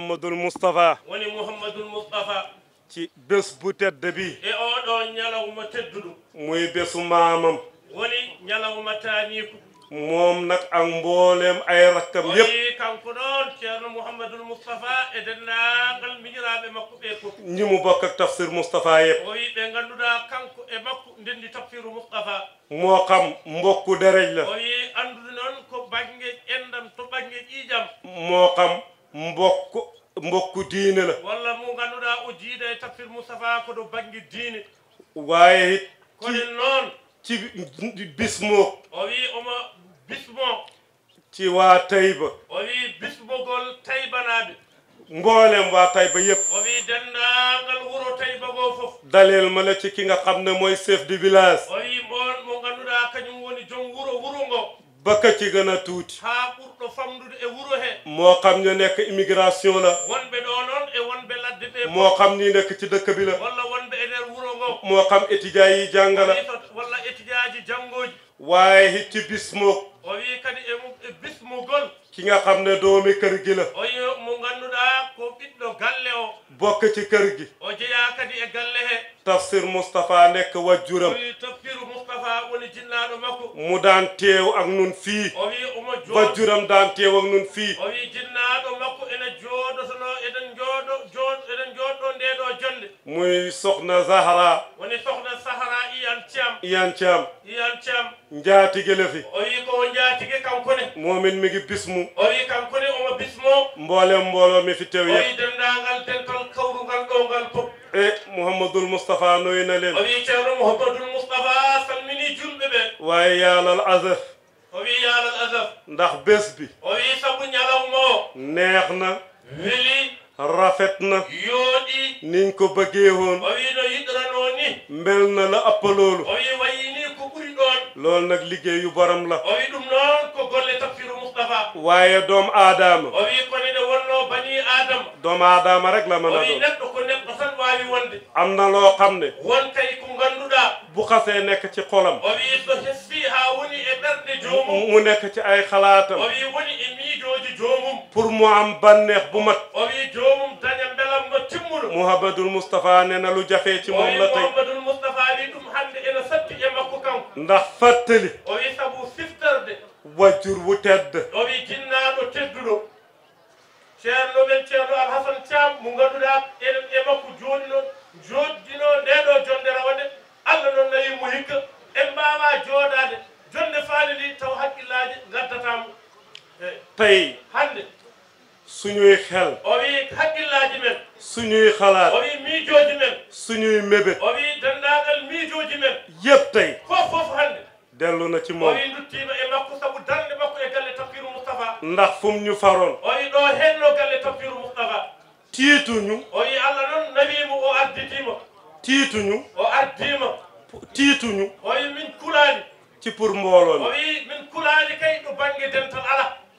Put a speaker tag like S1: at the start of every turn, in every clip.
S1: Mouhamadul Moustapha woni Mouhamadul Moustapha ci bés bu tedd bi e oɗo ñalawma tedduɗo muy bésu maamam
S2: woni ñalawma taaniku
S1: moom nag ak mbooleem ay rakkam yëpp woni
S2: kanko ɗon ceerno e mu
S1: bokk tafsir Moustapha yëpp o
S2: wi ɓe ngannduɗaa kanko e makko ndenndi tafsiru Moustapha
S1: moo xam mbokku derej o wi
S2: anndude noon ko baŋnge enndam to baŋnge ƴiijam
S1: moo xam mbokku mbokku diine la
S2: walla mo ngannduɗaa o jiida e taffir moustapha ko ɗo baŋnge diine waaye it kono noon
S1: ci bismo
S2: o wii omo bismo
S1: ci waa tayba
S2: o wii bismogol taybanaaɓe
S1: mboolem waa tayba yëpp o
S2: wii denndaangal wuro tayba goo fof
S1: daleel ma la ki nga xam ne mooy chef de village o
S2: wii moon mo ngannduɗaa kañum woni jom wuro wuro ngo
S1: bakka ci gën a famɗude moo xam ñu nekk immigration la e moo xam ni nekk ci dëkk bi la e moo xam étudiant yi jàngala walla étudiant ji jàngooji waaye hitti bismo o
S2: wii
S1: e nga xam ne doomi kër gi la o ci kër gi o jeyaa kadi e tafsir Moustapha nekk wajjuram mu daan teew ak nun fii bajjuram daan teew ak nun fii o wi jinnaaɗo makko ene jooɗotono eɗen jooɗo eɗen jooɗɗo nde ɗo jonde muy sohna zahara
S2: woni sohna sahara
S1: iyan thiam iyan thiam njaatige le o
S2: wi ko o njaatige kankone
S1: momin mi ngi bismu o wi
S2: kankone omo bismo
S1: mboolem mbooloo mi fi teew yëpp o wi denndaangal eh, na leen o wi ceerno mouhamadoul
S2: moustapha salmi
S1: waaye yaalal asaf ndax bés bi owi sabu ñalawmo neex na weli rafet na yooɗi niñ ko bëggee woon owi
S2: no yiɗranoo ni
S1: mel na la ëpp loolu owi
S2: wayini ko ɓuri
S1: ɗoon loolu nag liggéeyu borom la owi
S2: ɗum noon ko golle tafsiru mustafa
S1: waaye doom aadama
S2: owi konene wonno bani aadama
S1: doom aadama rek la mën a doon owi
S2: neɗɗo ko neɗɗo tan waawi wonde
S1: am na loo xam ne
S2: won kay ko ngannduɗaa
S1: bu xasee nekk ci xolam owi jomum mu nekk ci ay xalaatam o wi
S2: woni e miijooji joomum
S1: pour mu am banneex bu mat
S2: o wi joomum daña mbelam no timmuɗo
S1: mouhamadul moustapha ne na lu jafee ci moom la tey
S2: mouhamadul moustapha wi ɗum hannde ene satti e makko kanko
S1: ndax fattali o wi sabu siftorde wajjur wu tedd
S2: o wi jinnaaɗo tedduɗo ceerno men ceerno alhasan thiam mo ngannduɗaa enen e makko jooni noon tay hande
S1: suñuy xel
S2: o wii hakkillaaji men
S1: suñuy xalaat o mi
S2: miijooji men
S1: suñuy mébét o wii
S2: mi miijooji men yeb tay fof fof hande
S1: delu na ci mom o wii ba e makko sabu darnde makko e galle tafkiru mustafa ndax fum ñu faron
S2: o wii ɗoo hennoo galle tafkiru
S1: tiitu ñu
S2: o alla non nabi mu o tiitu ñu o ardiima tiituñu o
S1: wii min kulaani ci pour mbooloo mi o wii
S2: min kulaani kay du bangi dental ala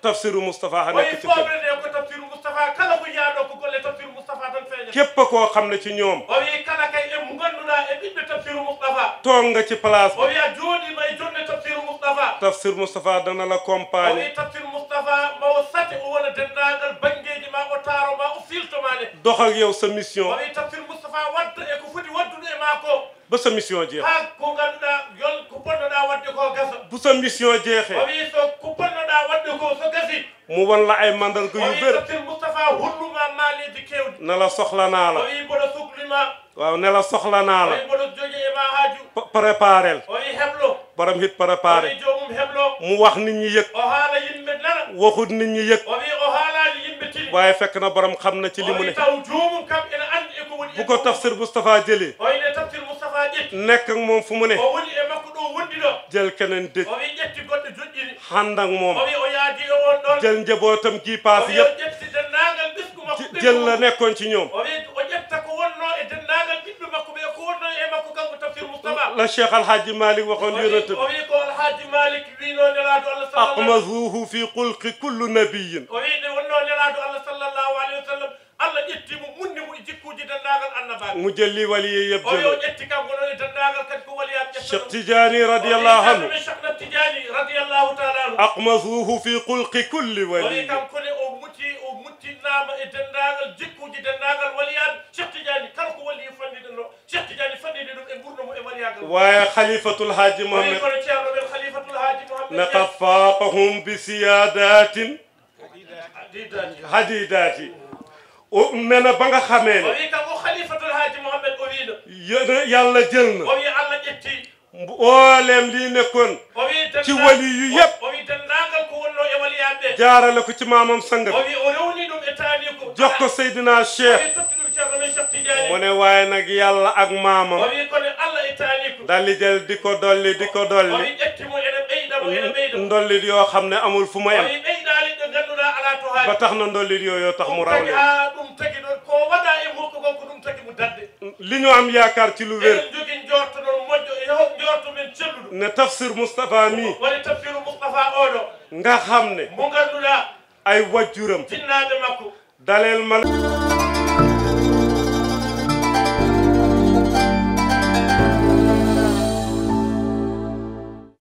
S1: tafsiru Moustapha nekk ci
S2: kër ko tafsiru Moustapha kala ko ñaanoo ko e ngannduɗaa e ɓiɓɓe tafsiru Moustapha
S1: toog nga ci place
S2: e jonne tafsiru Moustapha
S1: tafsir Moustapha dana la compagne o wi
S2: tafsir Moustapha ma o sate o wona denndaangal banngeeji ma o taaro ma o filtoma ne e ko e
S1: mu wan la ay mandarga yu bëri ne la soxla naa la waaw ne la soxla naa la préparel baram hit préparé
S2: mu wax nit ñi yëg
S1: waxut nit ñi yëg waaye fekk na borom xam na ci li mu ne bu ko tafsir Moustapha jëlee nekk ak moom fu mu ne jël keneen dëj
S2: xànd ak moom
S1: jël njabootam gii paas
S2: yëpp
S1: jël la nekkoon ci ñoom la cheikh alhaji malik waxoon yonent
S2: bi alhaji malik wino nelaɗo allah aqmazuhu
S1: fi qulqi kullu nabiyin o
S2: wiide wonno nelaɗo allah sallllahu alayhi wa sallam allah
S1: ƴettimo munni mo jikkuji dendagal annabaɓe mo jelli waliye yebjeo ƴetti kanko noon e dendagal kadi ko waliyaɓe cheikh tidiani radiallahu anhu أقمزوه في قلق كل ولي
S2: ويا خليفة الهاج محمد
S1: نقف فاقهم بسيادات حديدات ومن بانغا خامين خليفة الهاج
S2: محمد أريد
S1: يلا جلنا وبي
S2: الله جتي
S1: بولم لي نكون
S2: وبي ci wali yu yëpp
S1: o wi denndaangal ko wonno e waliyaɓe ɓe jaarale ko ci mamam sanga o wi
S2: o rewni ɗum e taani ko
S1: jox ko seydina cheikh mu ne waaye nag yàlla ak maamam o wi
S2: kono allah e taani
S1: ko dalli jël di ko dolli di ko dolli o wi
S2: ƴettimo ene ɓeydamo
S1: ene ɓeyda ndollit yoo xam ne amul fu mu em o wi ɓeydaali ɗo ngannduɗaa alaa to haali ba tax na ndollit yooyo tax mu raw leen ɗum tagi ɗon ko waɗa e mokko gon ko ɗum tagi mu dadde li ñu am yaakaar ci lu wér ne tafsir Moustapha mi woni tafsiru Moustapha oɗo nga xam ne mo ganduɗa ay wajjuram jinnaɓe makko dalel mal